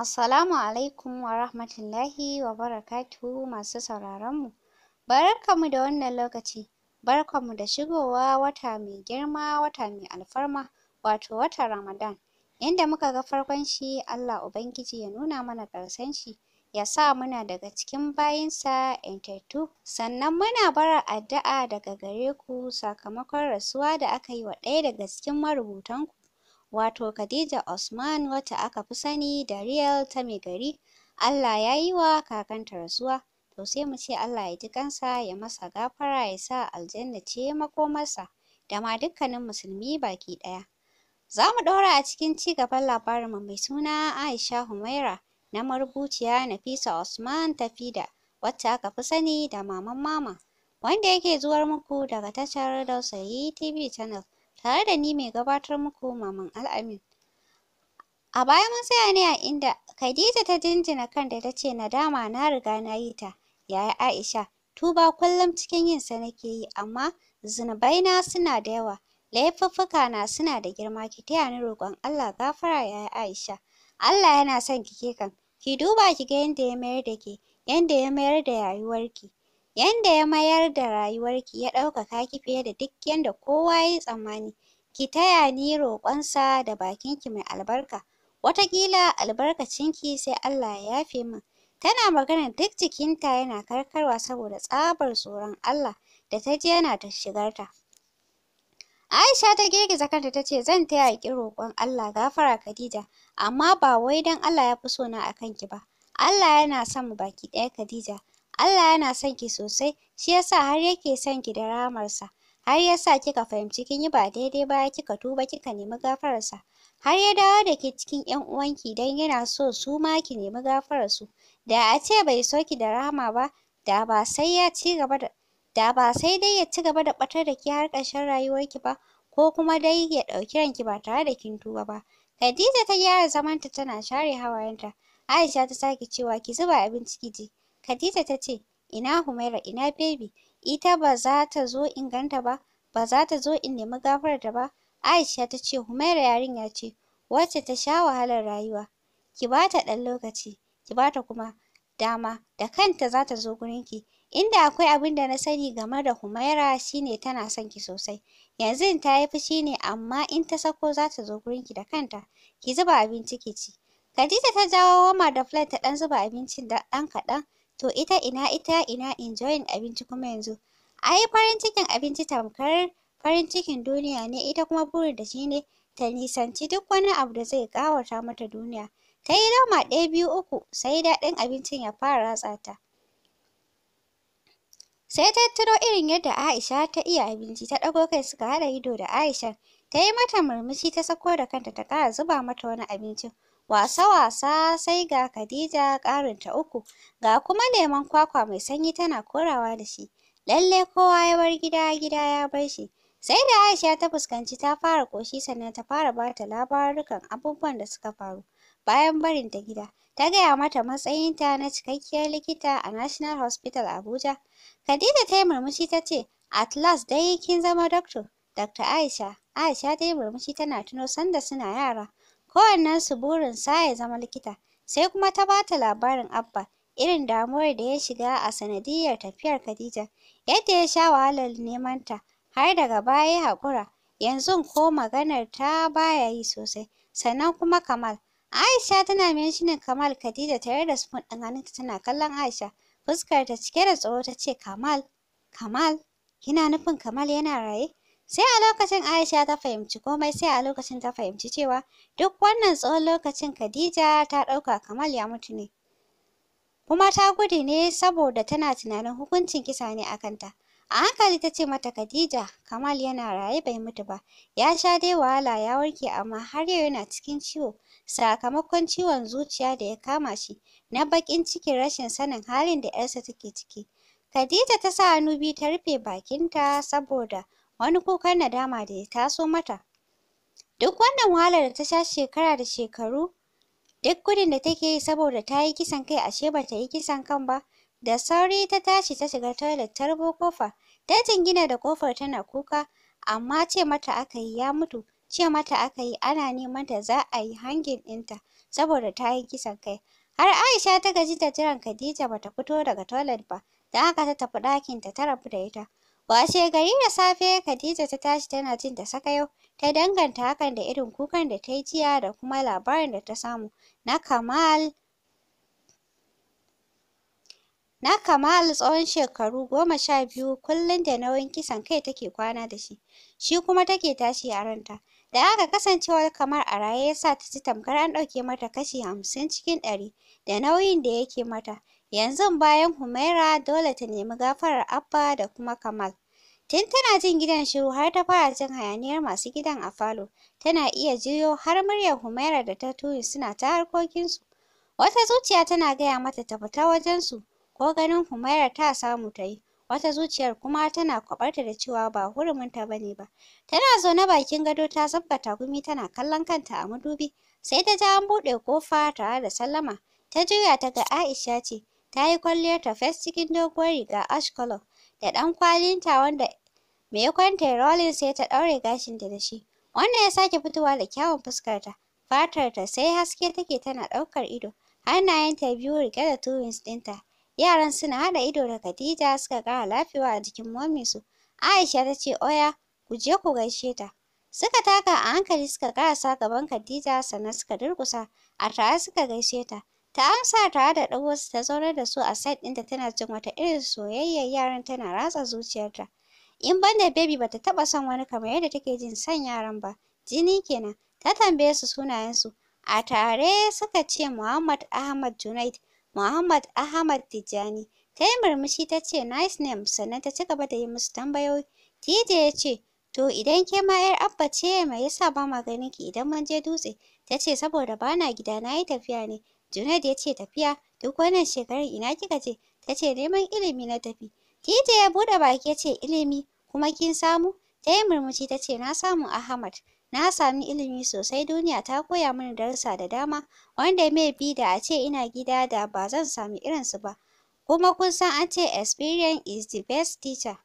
Assalamu alaikum wa rahmatullahi wa barakatuhu masu sauraronmu. mu da wannan lokaci, mu da shigowa wata mai girma wata mai alfarma wato watan Ramadan. Yanda muka ga farkon shi Allah Ubangiji ya nuna mana ƙarshen shi, ya sa muna daga cikin bayinsa ƴantattu. Sannan muna bara addu'a daga gare ku sakamakon rasuwa da aka yi wa ɗaya daga cikin marubutanku. wato Khadija Usman wacce aka fi sani da riyal ta mai gari. Allah ya yi wa kakanta rasuwa, to sai mu ce Allah ya ji kansa ya masa gafara ya sa aljanna ce makomarsa da ma dukkanin musulmi baki ɗaya. Za mu ɗora a cikin ci gaban labarinmu mai suna Aisha Humaira na marubuciya Nafisa Usman Tafida wacce aka fi sani da Maman Mama wanda yake zuwar muku daga tashar Dausayi TV Channel. tare da ni mai gabatar muku Maman Al'amin. A baya mun tsaya ne a inda Khadija ta jinjina kan da ta ce nadama na riga na yi ta, yaya Aisha, tuba kullum cikin yin sa nake yi amma zunubaina suna da yawa, laifuffuka na suna da girma ki taya ni roƙon Allah gafara yaya Aisha. Allah yana son ki ke kan, ki duba ki ga yanda ya mayar da ke, yanda ya mayar da rayuwarki. Yanda ya mayar da rayuwarki ya ɗaukaka ki fiye da duk yanda kowa yayi tsammani. Ki taya ni roƙonsa da bakin ki mai albarka. wata Wataƙila albarkacinki sai Allah ya yafe min. Tana magana duk jikinta yana karkarwa saboda tsabar tsoron Allah da ta ji yana ta shigarta. Aisha ta girgiza kanta ta ce zan taya ki roƙon Allah gafara Khadija amma ba wai don Allah ya fi so na a kanki ba. Allah yana son mu baki ɗaya Khadija. Allah yana son ki sosai, shi yasa har yake son ki da rahamarsa. Har yasa kika fahimci kin yi ba daidai ba kika tuba kika nemi gafararsa. Har ya dawo da ke cikin ‘yan uwanki don yana so su ma ki nemi gafararsu. Da a ce bai so ki da rama ba, da ba sai ya ci gaba da da ba sai dai ya ci gaba da ɓatar da ki har ƙarshen rayuwarki ba ko kuma dai ya ɗauki ranki ba tare da kin tuba ba. Khadija ta gyara zamanta tana share hawayenta. Aisha ta sake cewa ki zuba abinci ki ji. Khadija ta ce, ina Humaira ina bebi?" ita ba za ta zo in ganta ba, ba za ta zo in nemi gafararta ba. Aisha ta ce Humaira yarinya ce wacce ta sha wahalar rayuwa. Ki ba ta ɗan lokaci, ki ba ta kuma dama, da kanta za ta zo gurinki. Inda akwai abin da na sani game da Humaira shine tana son ki sosai. Yanzu ta yi fushi ne amma in ta sako za ta zo gurinki da kanta. Ki zuba abinci ki ci. Khadija ta jawo wama da flat ta ɗan zuba abincin da ɗan kaɗan. To ita ina ita ina enjoying abinci kuma yanzu. Ai farin cikin abinci tamkar farin cikin duniya ne ita kuma da shi ne ta nisanci duk wani abu da zai kawata mata duniya. Ta yi ɗaya biyu uku sai daɗin abincin ya fara ratsa ta. Sai ta irin yadda Aisha ta iya abinci ta ɗago kai suka haɗa ido da Aishan. Ta yi mata murmushi ta sako da kanta ta ƙara zuba mata wani abincin. wasa-wasa sai ga Khadija ƙarinta uku, ga kuma lemon kwakwa mai sanyi tana korawa da shi. Lalle kowa ya bar gida, gida ya bar shi. Sai da Aisha ta fuskanci ta fara ƙoshi sannan ta fara ba ta labarukan abubuwan da suka faru bayan barin ta gida. Ta gaya mata matsayinta na cikakkiyar likita a National Hospital Abuja. Khadija ta yi murmushi ta ce, At last dai kin zama doctor, Dr. Aisha. Aisha ta yi murmushi tana tuno sanda suna yara. Kowannensu burinsa ya zama likita. Sai kuma ta bata labarin Abba, irin damuwar da ya shiga a sanadiyyar tafiyar Khadija, yadda ya sha wahalar nemanta, har daga baya ya haƙura. Yanzu ko maganar ta ba yi sosai. Sannan kuma Kamal. Aisha tana ne Kamal Khadija tare da spoon ɗin hannunta tana kallon Aisha. Fuskarta cike da tsoro ta ce, Kamal, Kamal, kina nufin Kamal yana raye? Sai a lokacin Aisha ta fahimci komai sai a lokacin ta fahimci cewa duk wannan tsawon lokacin Khadija ta ɗauka Kamal ya mutu ne. Kuma ta gudu ne saboda tana tunanin hukuncin kisa ne a kanta. A hankali ta ce mata Khadija, Kamal yana raye bai mutu ba, ya sha dai wahala ya warke amma har yau yana cikin ciwo sakamakon ciwon zuciya da ya kama shi na baƙin cikin rashin sanin halin da ‘yarsa take ciki. Khadija ta sa hannu biyu ta rufe bakinta saboda wani kukan nadama da ya taso mata. Duk wannan wahalar da ta sha shekara da shekaru, duk gudun da take yi saboda ta yi kisan kai ashe ba ta yi kisan kan ba, da sauri ta tashi ta shiga toilet ta rubo ƙofa, ta jingina da ƙofar tana kuka, amma ce mata aka yi ya mutu, ce mata aka yi ana neman ta za a yi hangin ɗinta saboda ta yi kisan kai. Har Aisha ta gaji da jiran Khadija ba ta fito daga toilet ba, da haka ta tafi ɗakinta ta rabu da ita. Washe gari da safe Khadija ta tashi tana jin ta sakayau, ta danganta hakan da irin kukan da ta yi jiya da kuma labarin da ta samu na Kamal na Kamal tsawon shekaru goma sha biyu kullum da nauyin kisan kai take kwana da shi, shi kuma take tashi a ranta. Da aka kasancewa kamar a raye ya sa ta ji tamkar an ɗauke mata kashi hamsin cikin ɗari da nauyin da yake mata. Yanzu bayan Humaira dole ta nemi gafarar Abba da kuma Kamal. Tun tana jin gidan shiru har ta fara jin hayaniyar masu gidan a falo. Tana iya jiyo har muryar Humaira da ta tuyi suna ta harkokinsu. Wata zuciya tana gaya mata ta fita wajensu ko ganin Humaira ta samu ta yi. Wata zuciyar kuma tana kwabarta da cewa ba huruminta ba ne ba. Tana zaune bakin gado ta zabga tagumi tana kallon kanta a madubi. Sai ta ji an buɗe ƙofa tare da sallama. Ta juya ta ga Aisha ce. Ta yi kwalliyarta fes cikin doguwar riga ash color da ɗan kwalinta wanda Me ya kwanta Rollins sai ta ɗaure ta da shi. Wannan ya sake fitowa da kyawun fuskarta. Fatarta sai haske take tana ɗaukar ido. Hannayenta biyu riƙe da twins ɗinta. Yaran suna haɗa ido da Khadija suka gaha lafiya a jikin su Aisha ta ce, Oya, ku je ku gaishe ta. Suka taka a hankali suka sa gaban Khadija sannan suka durkusa A tare suka gaishe ta. Ta amsa tare da ɗan wasu ta zaunar da su a side ɗinta tana jin wata irin soyayyar yaran tana ratsa zuciyarta. in banda baby bata taba son wani kamar yadda take jin son yaran ba jini kenan ta tambaye su sunayen su. a tare suka ce Muhammad Ahmad Junaid Muhammad Ahmad Tijjani ta yi murmushi ta ce nice name sannan ta ci gaba da yi musu tambayoyi TJ ya ce to idan ke ma 'yar Abba ce me yasa ba ma ganin ki idan mun je dutse ta ce saboda ba na gida na yi tafiya ne Junaid ya ce tafiya duk wannan shekarun ina kika je ta ce neman ilimi na tafi TJ ya buɗe baki ya ce ilimi kuma kin samu? Ta yi murmushi ta ce, na samu Ahmad. Na sami ilimi sosai duniya ta koya min darussa da dama wanda mai bi da a ce ina gida da ba zan sami irinsu ba. Kuma kun san an ce experience is the best teacher.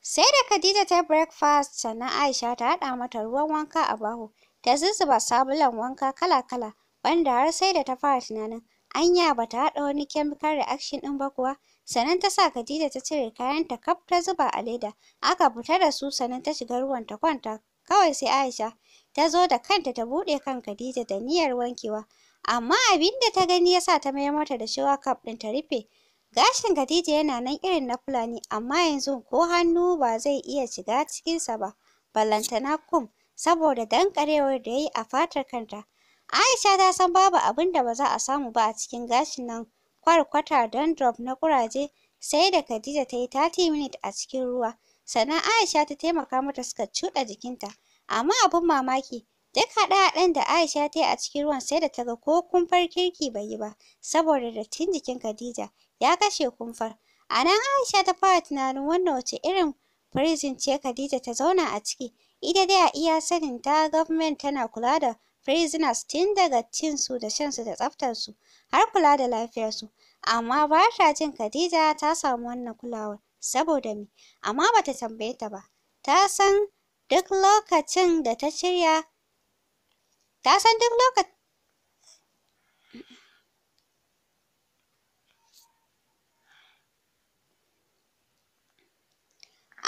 Sai da Khadija ta breakfast sannan Aisha ta haɗa mata ruwan wanka a bahu, ta zuzzuba sabulan wanka kala-kala wanda har sai da ta fara tunanin anya ba ta haɗa wani chemical reaction ɗin ba kuwa. Sannan ta sa Khadija ta cire kayanta kaf ta zuba a leda. Aka fita da su sannan ta shiga ruwan ta kwanta. Kawai sai Aisha ta zo da kanta ta buɗe kan Khadija da niyyar wankewa. Amma abinda ta gani ya sa ta mayar mata da cewa kaf ɗin ta rufe. Gashin Khadija yana nan irin na Fulani amma yanzu ko hannu ba zai iya shiga cikinsa ba. Ballantana kum saboda danƙarewar da yayi a fatar kanta. Aisha ta san babu abinda ba za a samu ba a cikin gashin nan kwarkwata, dandruff na ƙuraje, sai da Khadija ta yi thirty a cikin ruwa. Sannan Aisha ta taimaka mata suka cuɗa jikinta. Amma abin mamaki, duk haɗe-haɗen da Aisha ta yi a cikin ruwan sai da ta ga ko kumfar kirki bai yi ba, saboda dattin jikin Khadija ya kashe kumfar. A nan Aisha ta fara tunanin wannan wace irin prison ce Khadija ta zauna a ciki. Ita dai a iya sanin ta government tana kula da prisoners tun daga cin su da shan su da tsaftar su har kula da lafiyar su. amma ba ta jin Khadija ta samu wannan kulawar saboda me amma bata tambaye ta ba ta san duk lokacin da ta shirya ta san duk lokacin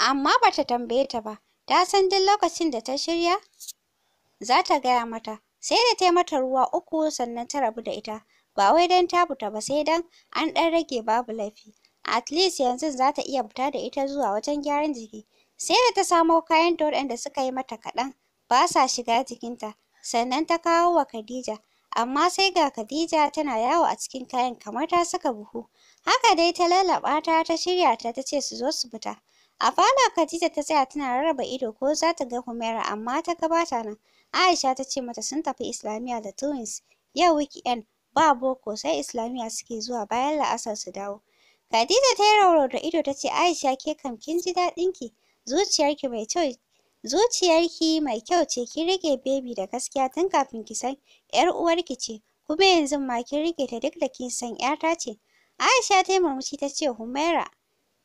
amma bata tambaye ta ba ta san duk lokacin da ta shirya za ta gaya mata sai da ta yi mata ruwa uku sannan ta rabu da ita ba wai don ta fita ba sai don an ɗan rage babu laifi at least yanzu za ta iya fita da ita zuwa wajen gyaran jiki sai da ta samo kayan ta da suka yi mata kaɗan ba sa shiga jikinta sannan ta kawo wa Khadija amma sai ga Khadija tana yawo a cikin kayan kamar ta saka buhu haka dai ta lalaba ta ta shirya ta ta ce su zo su fita A falon Khadija ta tsaya tana rarraba ido ko za ta ga Humaira amma ta gabata nan. Aisha ta ce mata sun tafi Islamiyya da twins yau weekend ba boko sai islamiyya suke zuwa bayan la'asar su dawo khadija ta yi da ido ta ce aisha ke kam kin ji daɗin ki zuciyarki mai kyau zuciyarki mai kyau ce kin rike baby da gaskiya tun kafin ki san yar uwarki ce kuma yanzu ma kin rike ta duk da kin san yata ce aisha ta yi murmushi ta ce humaira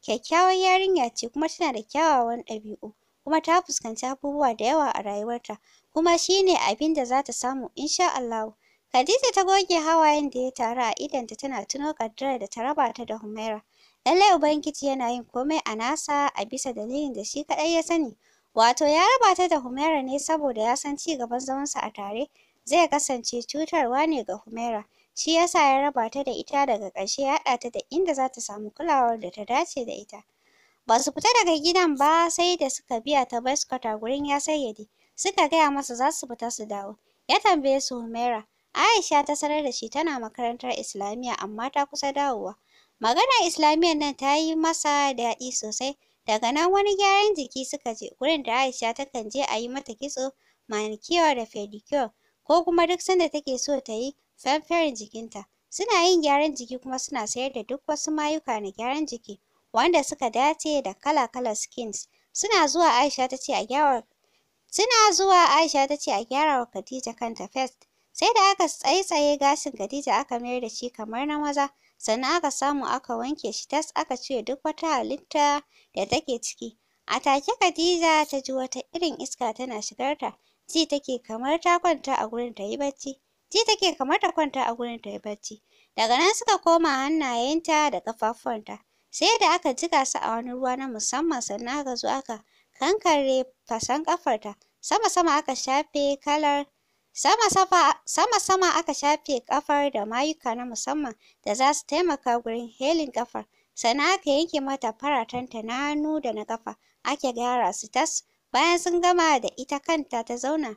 kyakkyawar yarinya ce kuma tana da kyawawan ɗabi'u kuma ta fuskanci abubuwa da yawa a rayuwarta kuma shine ne abin da za ta samu insha Allahu Khadija ta goge hawayen da ya taru a idonta tana tuno ƙaddarar da ta raba ta da Humaira. Lallai Ubangiji yana yin komai a nasa a bisa dalilin da shi kadai ya sani. Wato ya raba ta da Humaira ne saboda ya san ci gaban sa a tare zai kasance cutarwa ne ga Humaira. Shi yasa ya raba ta da ita daga ƙarshe ya haɗa ta da inda za ta samu kulawar da ta dace da ita. Ba su fita daga gidan ba sai da suka biya ta Baskota gurin ya sayyade. Suka gaya masa za su fita su dawo. Ya tambaye su Humaira, Aisha ta sanar da shi tana makarantar Islamiyya amma ta kusa dawowa. Magana Islamiyyar nan ta yi masa daɗi sosai. Daga nan wani gyaran jiki suka je, gurin da Aisha takan je a yi mata kitso, manicure da pedicure, ko kuma duk sanda take so ta yi famfarin jikinta. Suna yin gyaran jiki kuma suna sayar da duk wasu mayuka na gyaran jiki, wanda suka dace da kala kala skins. Suna zuwa Aisha ta ce a gyara wa Khadija kanta first. Sai da aka tsaitsaye gashin Khadija aka mayar da shi kamar na maza, sannan aka samu aka wanke shi tas aka cire duk wata halitta da take ciki. A take Khadija ta ji wata irin iska tana shigar ta, ji take kamar ta kwanta a gurin ta yi bacci. Ji take kamar ta kwanta a gurin ta yi bacci. Daga nan suka koma hannayenta da kafafunta. Sai da aka jiga su a wani ruwa na musamman sannan aka zo aka kankare fasan ƙafarta. Sama-sama aka shafe kalar Sama-sama aka shafe ƙafar da mayuka na musamman da za su taimaka gurin helin ƙafar, sannan aka yanke mata faratanta na hannu da na ƙafa, aka gyara su tas. Bayan sun gama da ita kanta ta zauna.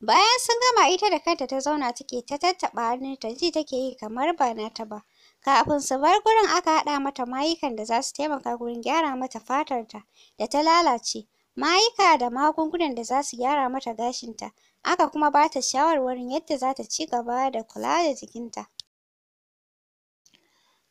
Bayan sun gama ita da kanta ta zauna take ta tattaɓa hannunta ji take yi kamar ba nata ba. Kafin su bar gurin aka haɗa mata mayukan da za su taimaka wurin gyara mata fatarta da ta lalace. ma'aika da magungunan da za su gyara mata gashinta, aka kuma ba ta shawarwarin yadda za ta ci gaba da kula da jikinta.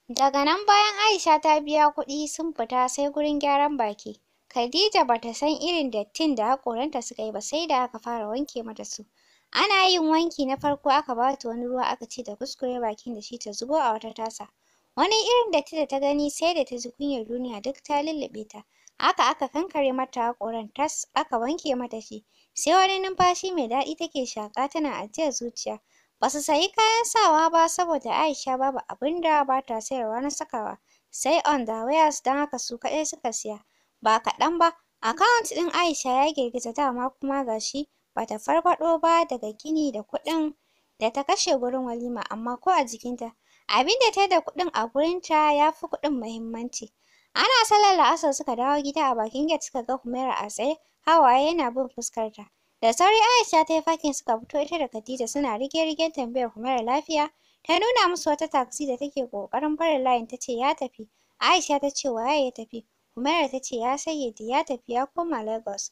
Daga nan bayan Aisha ta biya kuɗi sun fita sai gurin gyaran baki. Khadija bata san irin dattin da haƙoranta suka yi ba sai da aka fara wanke mata su. Ana yin wanki na farko aka bata wani ruwa aka ce da kuskure bakin da shi ta zubo a wata tasa. Wani irin datti da ta gani sai da ta ji kunyar duniya duk ta lulluɓe ta. Aka aka kankare mata haƙoran tas aka wanke mata shi. Sai wani numfashi mai daɗi take shaƙa tana ajiyar zuciya. basu sayi kayan sawa ba saboda Aisha babu abinda ba ta sayarwa na sakawa. Sai underwears don haka su kaɗai suka siya. Ba kaɗan ba, akawunt ɗin Aisha ya girgiza dama kuma ga shi ba ta farfaɗo ba daga gini da kuɗin da ta kashe gurin walima amma ko a jikinta. Abinda ta da kuɗin a gurinta ya fi kuɗin muhimmanci. Ana sallar la'asar suka dawo gida a bakin gate suka ga Humaira a tsaye, hawaye yana bin fuskarta. Da sauri Aisha ta yi fakin suka fito ita da Khadija suna rige-rigen tambayar Humaira lafiya. Ta nuna musu wata taxi da take ƙoƙarin barin layin ta ce ya tafi. Aisha ta ce waye ya tafi? Humaira ta ce ya sayyadi ya tafi ya koma Lagos.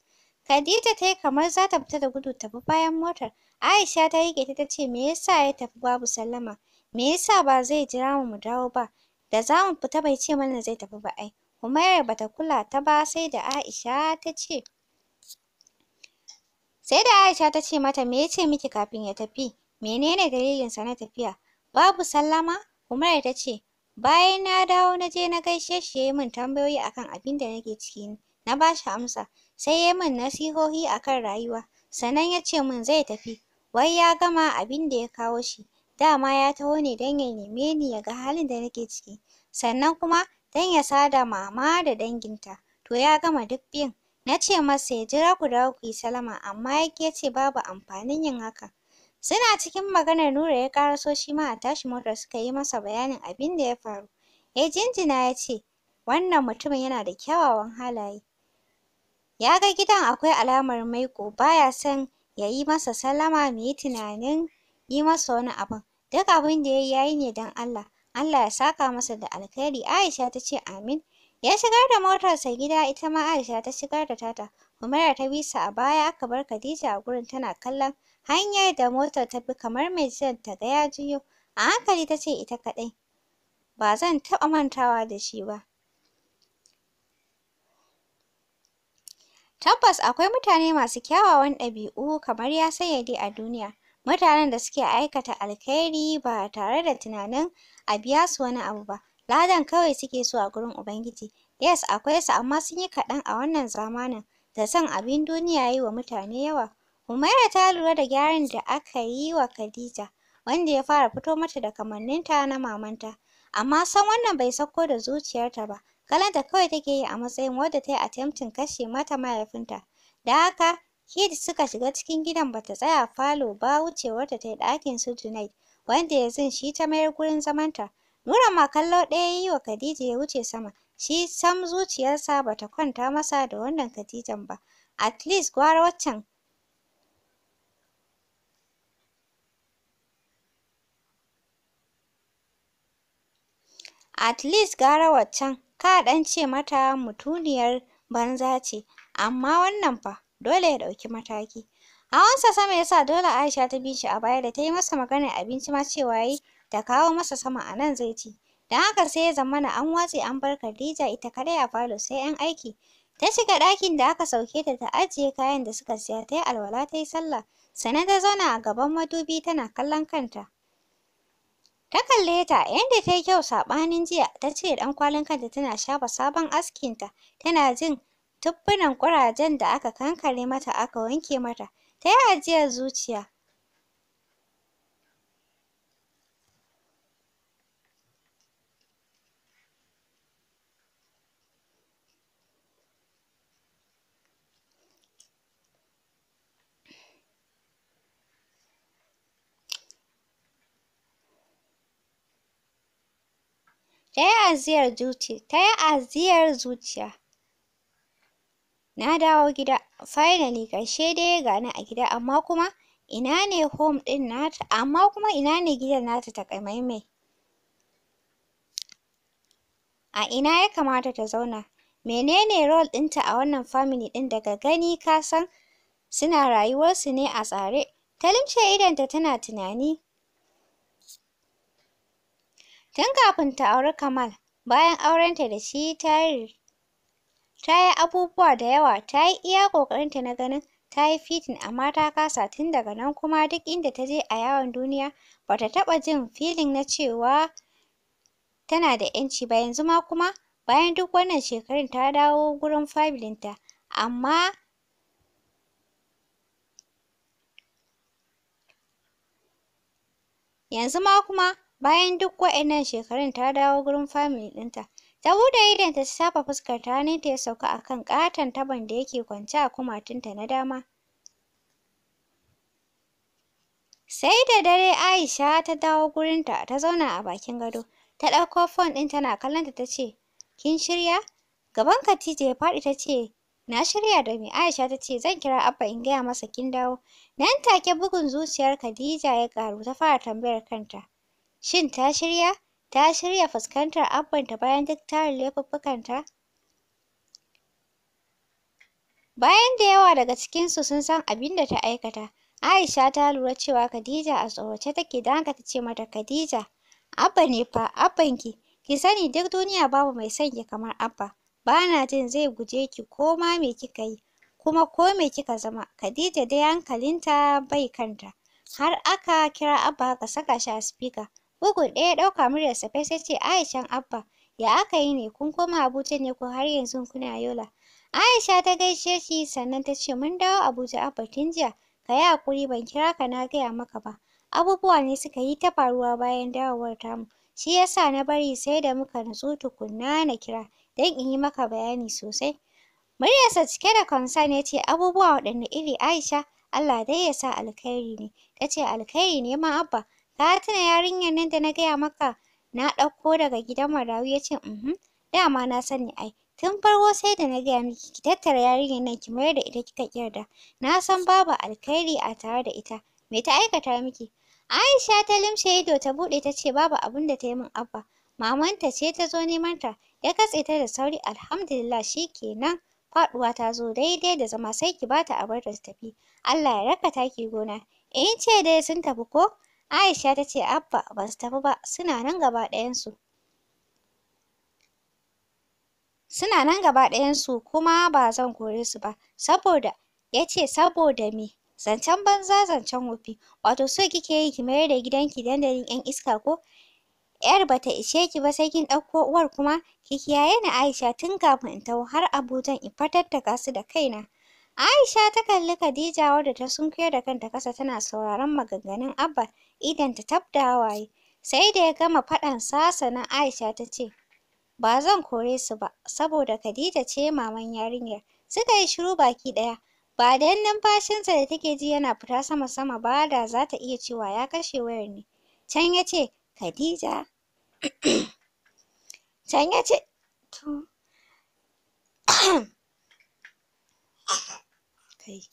Khadija ta yi kamar za ta fita da gudu ta bi bayan motar. Aisha ta riƙe ta ta ce me yasa ya tafi babu sallama? Me yasa ba zai jira mu mu dawo ba? Da zamu fita bai ce mana zai tafi ba ai. Humaira bata kula ta ba sai da Aisha ta ce sai da Aisha ta ce mata me yace miki kafin ya tafi? Menene dalilinsa na tafiya? Babu sallama? Humaira ta ce bayan na dawo na je na gaishe shi yayi min tambayoyi akan abinda nake ciki na bashi amsa sai yayi min nasihohi akan rayuwa sannan yace min zai tafi wai ya gama abin da ya kawo shi dama ya taho ne don ya neme ni ya ga halin da nake ciki sannan kuma don ya sa da mama da danginta to ya gama duk biyun na ce masa ya jira ku dawo ku yi salama amma ya ya ce babu amfanin yin haka suna cikin maganar Nura ya ƙaraso shi ma a tashi motar suka yi masa bayanin abin da ya faru ya jinjina ya ce wannan mutumin yana da kyawawan halaye ya ga gidan akwai alamar maiƙo baya son ya yi masa salama mu tunanin yi masa wani abin Duk abin da ya yi ya ne don Allah. Allah ya saka masa da alkhairi. Aisha ta ce amin. Ya shigar da motarsa gida ita ma Aisha ta shigar da tata. Humaira ta bi a baya aka bar Khadija a gurin tana kallon hanyar da motar ta bi kamar mai jiran ta ga ya juyo. A hankali ta ce ita kaɗai. Ba zan taɓa mantawa da shi ba. Tabbas akwai mutane masu kyawawan ɗabi'u kamar ya sayyade a duniya. mutanen da suke aikata alkhairi ba tare da tunanin a biya su wani abu ba ladan kawai suke so a gurin ubangiji yes akwai su amma sun yi kaɗan a wannan zamanin da son abin duniya yi wa mutane yawa Humaira ta lura da gyaran da aka yi wa Khadija wanda ya fara fito mata da kamanninta na mamanta amma san wannan bai sauko da zuciyarta ba kalanta kawai take yi a matsayin wadda ta yi attempting kashe mata mahaifinta da haka Kid suka shiga cikin gidan bata tsaya falo ba wucewarta ta yi ɗakin su Junaid wanda yanzu shi ta mayar gurin zamanta. Nura ma kallo ɗaya ya yi wa Khadija ya wuce sama. Shi sam zuciyarsa bata kwanta masa da wannan Khadijan ba. At least gwara waccan. At least gara waccan. Ka ɗan ce mata mutuniyar banza ce, amma wannan fa. dole ya ɗauki mataki. wansa sama ya sa dole Aisha ta bi shi a baya da ta yi masa maganar abinci ma cewa yi ta kawo masa sama a nan zai ci. Don haka sai ya zamana an watse an bar Khadija ita kadai a falo sai 'yan aiki. Ta shiga ɗakin da aka sauke ta ta ajiye kayan da suka siya ta yi alwala ta yi sallah. Sannan ta zauna a gaban madubi tana kallon kanta. Ta kalle ta yadda ta yi kyau saɓanin jiya ta cire kwalin kanta tana shafa sabon askinta tana jin tubbunan ƙurajen da aka kankare mata aka wanke mata, ta yi ajiyar zuciya. Ta yi ajiyar zuciya. na dawo gida finally ƙarshe dai ya ni a gida amma kuma ina ne home ɗin nata amma kuma ina ne gidan nata taƙamaimai a ina ya kamata ta zauna menene role ɗinta a wannan family ɗin daga gani ka san suna rayuwarsu ne a tsare ta lumshe idonta tana tunani tun kafin ta auri Kamal bayan aurenta da shi ta Ta yi abubuwa da yawa, ta yi iya ƙoƙarinta na ganin ta yi fitin amma ta kasa tun daga nan kuma duk inda ta je a yawon duniya ba ta taɓa jin filin na cewa tana da ‘yanci ba yanzu ma kuma bayan duk wannan shekarun ta dawo gurin familinta amma yanzu ma kuma bayan duk waƴannan shekarun ta dawo gurin family ɗinta Ta buɗe idonta ta shafa ta hannunta ya sauka a kan ƙaton tabon da yake kwance a kumatunta na dama. Sai da dare Aisha ta dawo gurinta ta zauna a bakin gado. Ta ɗauko fon ɗin tana kallonta ta ce, kin shirya? Gaban Khadija ya faɗi ta ce, na shirya da me? Aisha ta ce, zan kira Abba in gaya masa kin dawo. Nan take bugun zuciyar Khadija ya karu ta fara tambayar kanta, shin ta shirya? Ta shirya fuskantar abbanta bayan duk tarin laifuffukanta? Bayan da yawa daga cikinsu sun san abin da ta aikata, Aisha ta lura cewa Khadija a tsorace take don haka ta ce mata, Khadija, Abba ne fa, Abban ki Ki sani duk duniya babu mai son ki kamar Abba, ba na jin zai guje ki ko ma me kika yi, kuma ko me kika zama, Khadija dai hankalinta bai kanta, har aka kira Abba ka saka shi a sifika. Bugu ɗaya ɗauka muryarsa fes ya ce, Aishan Abba, ya aka yi ne? Kun koma Abuja ne ko har yanzu kuna Yola? Aisha ta gaishe shi sannan ta ce, Mun dawo Abuja Abba tun jiya, ka yi hakuri, ban kira ka na gaya maka ba. Abubuwa ne suka yi ta faruwa bayan dawowar tamu, shi ya sa na bari sai da muka nutsu tukunna na kira don in yi maka bayani sosai. Muryarsa cike da concern ya ce, Abubuwa waɗanne iri Aisha? Allah dai ya sa alkhairi ne. Ta ce, Alkhairi ne ma Abba. Ka yarinyar nan da na gaya maka na ɗauko daga gidan marayu? Ya ce, uhum, dama na sani ai. Tun farko sai da na gaya miki ki tattara yarinyar nan ki mayar da ita kika ƙi Na san babu alkhairi a tare da ita. Me ta aikata miki? Aisha ta limshe ido ta buɗe ta ce babu abin da ta yi min Abba. Mamanta ce ta zo neman ta. Ya katse ta da sauri alhamdulillah shi kenan. faɗuwa ta zo daidai da zama sai ki ba bata abar ta tafi. Allah ya raka taki gona. In eh, ce dai sun tafi ko? Aisha ta ce Abba ba su tafi ba, suna nan gaba ɗayansu. Suna nan gaba ɗayansu kuma ba zan kore su ba, saboda ya ce saboda me? Zancen banza zancen wofi, wato so kike yi ki mayar da gidan ki dandalin 'yan iska ko? ƴar bata ishe ki ba sai kin ɗauko uwar kuma? Ki kiyaye ni Aisha tun kafin in taho har Abujan in fatattaka su da kaina. Aisha ta kalli Khadija wadda ta sunkuyar da kanta kasa tana sauraron maganganun Abba idan tab da hawaye. Sai da ya gama faɗan sasa na Aisha ta ce, ba zan kore su ba saboda Khadija ce maman yarinyar. Suka yi shiru baki ɗaya. Ba da yan numfashinsa da take ji yana fita sama-sama ba da za ta iya cewa ya kashe wayar ne. Can ya ce, Khadija. Can ya ce, Kai,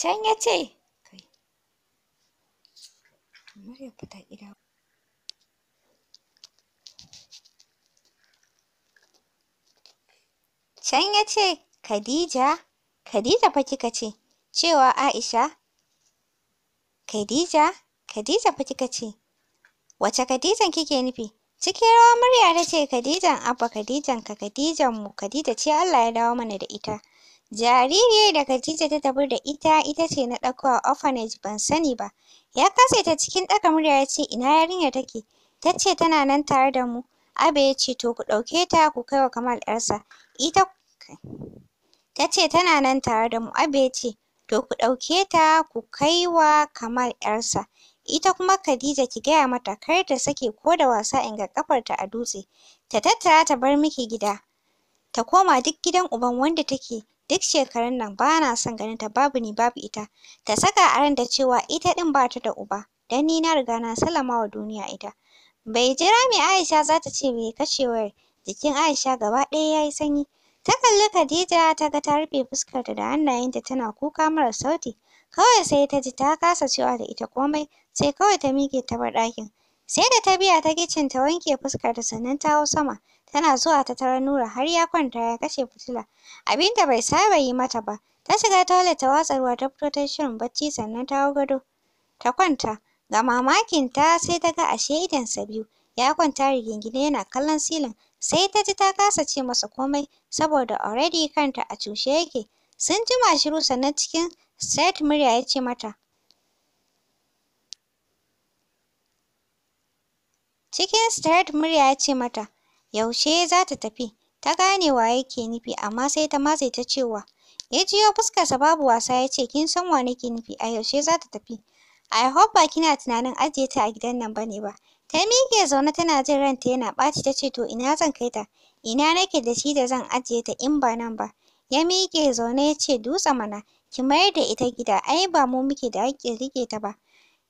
Can ya ce, Kai, kamar ya fita gida. Can ya ce, Khadija, Khadija fa kika ce, cewa Aisha, Khadija, Khadija fa kika ce, wace Khadijan kike nufi? Cikin rawar murya ta ce Khadijan Abba Khadijan ka Khadijan mu Khadija ce Allah ya dawo mana da ita. Jaririyar da Khadija ta tafi da ita ita ce na ɗauko a orphanage ban sani ba. Ya kasa ta cikin ɗaga murya ya ce ina yarinya take? Ta ce tana nan tare da mu. Abba ya ce to ku ɗauke ta ku kai wa Kamal Ita ta ce tana nan tare da mu. Abba ya ce to ku ɗauke ta ku kai wa Kamal ‘yarsa. ita kuma Khadija ki gaya mata kar ta sake ko da wasa in ga ƙafarta a dutse, ta tattara ta bar miki gida, ta koma duk gidan uban wanda take duk shekarun nan ba na son ganin ta babu ni babu ita, ta saka a ranta cewa ita ɗin bata da uba, don ni na riga na sallama wa duniya ita. Bai jira me Aisha za ta ce me kashe wayar, jikin Aisha gaba ɗaya yayi sanyi. Ta kalli Khadija ta ga ta rufe fuskarta da hannayenta tana kuka mara sauti. Kawai sai ta ji ta kasa cewa da ita komai, sai kawai ta miƙe ta bar ɗakin. Sai da ta biya ta kicin ta wanke fuskarta sannan ta hau sama. Tana zuwa ta tarar Nura har ya kwanta ya kashe fitila. Abinda bai saba yi mata ba. Ta shiga toilet ta watsa ruwa ta fito ta shirin bacci sannan ta hau gado. Ta kwanta. Ga mamakinta sai ta ga ashe idonsa biyu. Ya kwanta rigingine yana kallon silin. Sai ta ji ta kasa ce masa komai saboda already kanta a cushe yake. Sun jima shiru sannan cikin set murya ya ce mata Cikin straight murya ya ce mata, yaushe za ta tafi? Ta gane wa yake nufi amma sai ta matse ta cewa, ya jiyo fuskarsa babu wasa ya ce kin san wa nake nufi a yaushe za ta tafi? I hope ba kina tunanin ajiye ta a gidan nan ba ne ba. Ta miƙe zaune tana jin ranta yana ɓaci ta ce to ina zan kai ta? Ina nake da shi da zan ajiye ta in ba nan ba? Ya miƙe zaune ya ce dutse mana, ki mayar da ita gida ai ba mu muke da haƙƙin riƙe ta ba.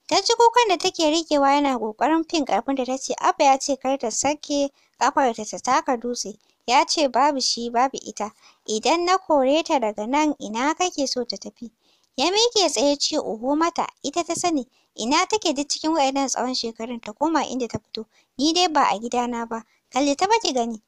Ta ji kukan da take riƙewa yana ƙoƙarin fin da ta ce Abba ya ce kar ta sake ƙafarta ta taka dutse. Ya ce babu shi babu ita. Idan na kore ta daga nan ina kake so ta tafi? Ya miƙe tsaye ce oho mata ita ta sani. Ina take duk cikin waɗannan tsawon shekarun ta koma inda ta fito. Ni dai ba a gidana ba. Kalli ta ba gani.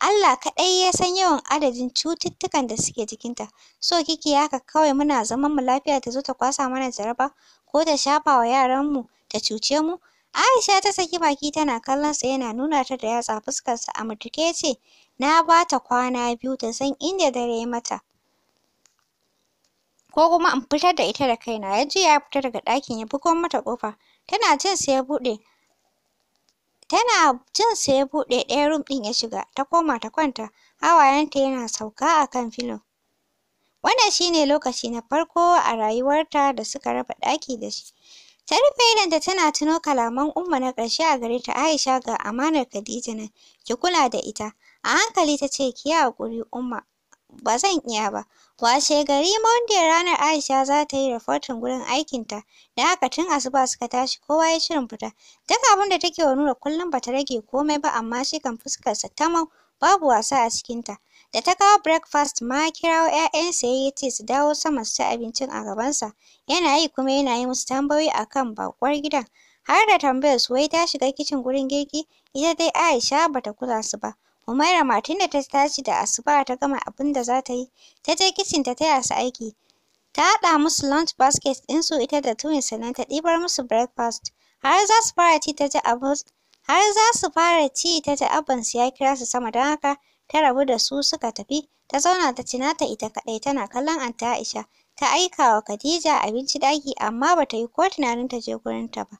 Allah kaɗai ya san yawan adadin cututtukan da suke jikinta. So kike yi haka kawai muna zaman mu lafiya ta zo ta kwasa mana jaraba ko ta shafa wa yaranmu ta cuce mu? Aisha ta saki baki tana kallon kallonsa yana nuna ta da yatsa fuskarsa a murtuke ya na bata kwana biyu ta san inda dare ya mata. Ko kuma in fitar da ita da kaina. Ya juya ya fita daga ɗakin ya bugo mata ƙofa. Tana jin sai ya buɗe. Tana jin sa ya buɗe ɗayan rum ɗin ya shiga, ta koma ta kwanta, hawayenta yana sauka a kan filo. Wannan shine lokaci na farko a rayuwarta da suka raba ɗaki da shi. Ta rufe idonta tana tuno kalaman Umma na ƙarshe a gare ta Aisha ga amanar Khadija nan, ki kula da ita. A hankali ta ce ki yi haƙuri Umma, ba zan iya ba. Washe gari Monday ranar Aisha za ta yi rifotin gurin aikinta, da haka tun asuba suka tashi kowa ya shirin fita. Duk abin da take wa Nura kullum ba ta rage komai ba amma shi kan fuskarsa mau babu wasa a cikinta. Da ta kawo breakfast ma kirawo ‘ya'yansa ya yi ce su dawo sama su ci abincin a gabansa, yana yi kuma yana yi musu tambayoyi a kan baƙuwar gidan. Har da tambayar su wai ta shiga kicin gurin girki, ita dai Aisha ba ta kula su ba. Umaira ma ta tashi da asuba ta gama abin da za ta yi, ta je kicin ta taya su aiki. Ta haɗa musu lunch basket ɗin su ita da Twin sannan ta ɗibar musu breakfast. Har za su fara ci ta ji abin har za su fara ci ta ji ya kira su sama don haka ta rabu da su suka tafi. Ta zauna ta ci nata ita kaɗai tana kallon Anta Aisha. Ta aika wa Khadija abinci ɗaki amma ba ta yi ko tunanin ta je gurin ta ba.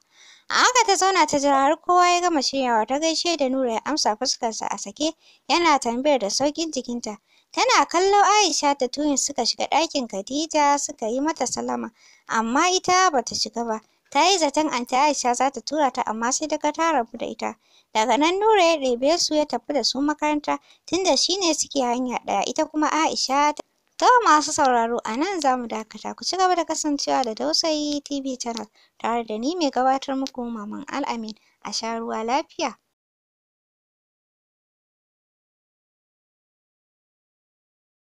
A haka ta zauna ta jira har kowa ya gama shiryawa ta gaishe da Nura ya amsa fuskarsa a sake yana tambayar da sauƙin jikinta. Tana kallo Aisha da Tuyin suka shiga ɗakin Khadija suka yi mata salama amma ita bata shiga ba. Ta yi zaton anti Aisha za ta tura ta amma sai daga ta rabu da ita. Daga nan Nura ya ɗebe su ya tafi da su makaranta tunda shi ne suke hanya ɗaya ita kuma Aisha To masu sauraro a nan za mu dakata. Ku ci gaba da kasancewa da Dausayi TV Channel tare da ni mai gabatar muku Maman Al'amin. A sha ruwa lafiya.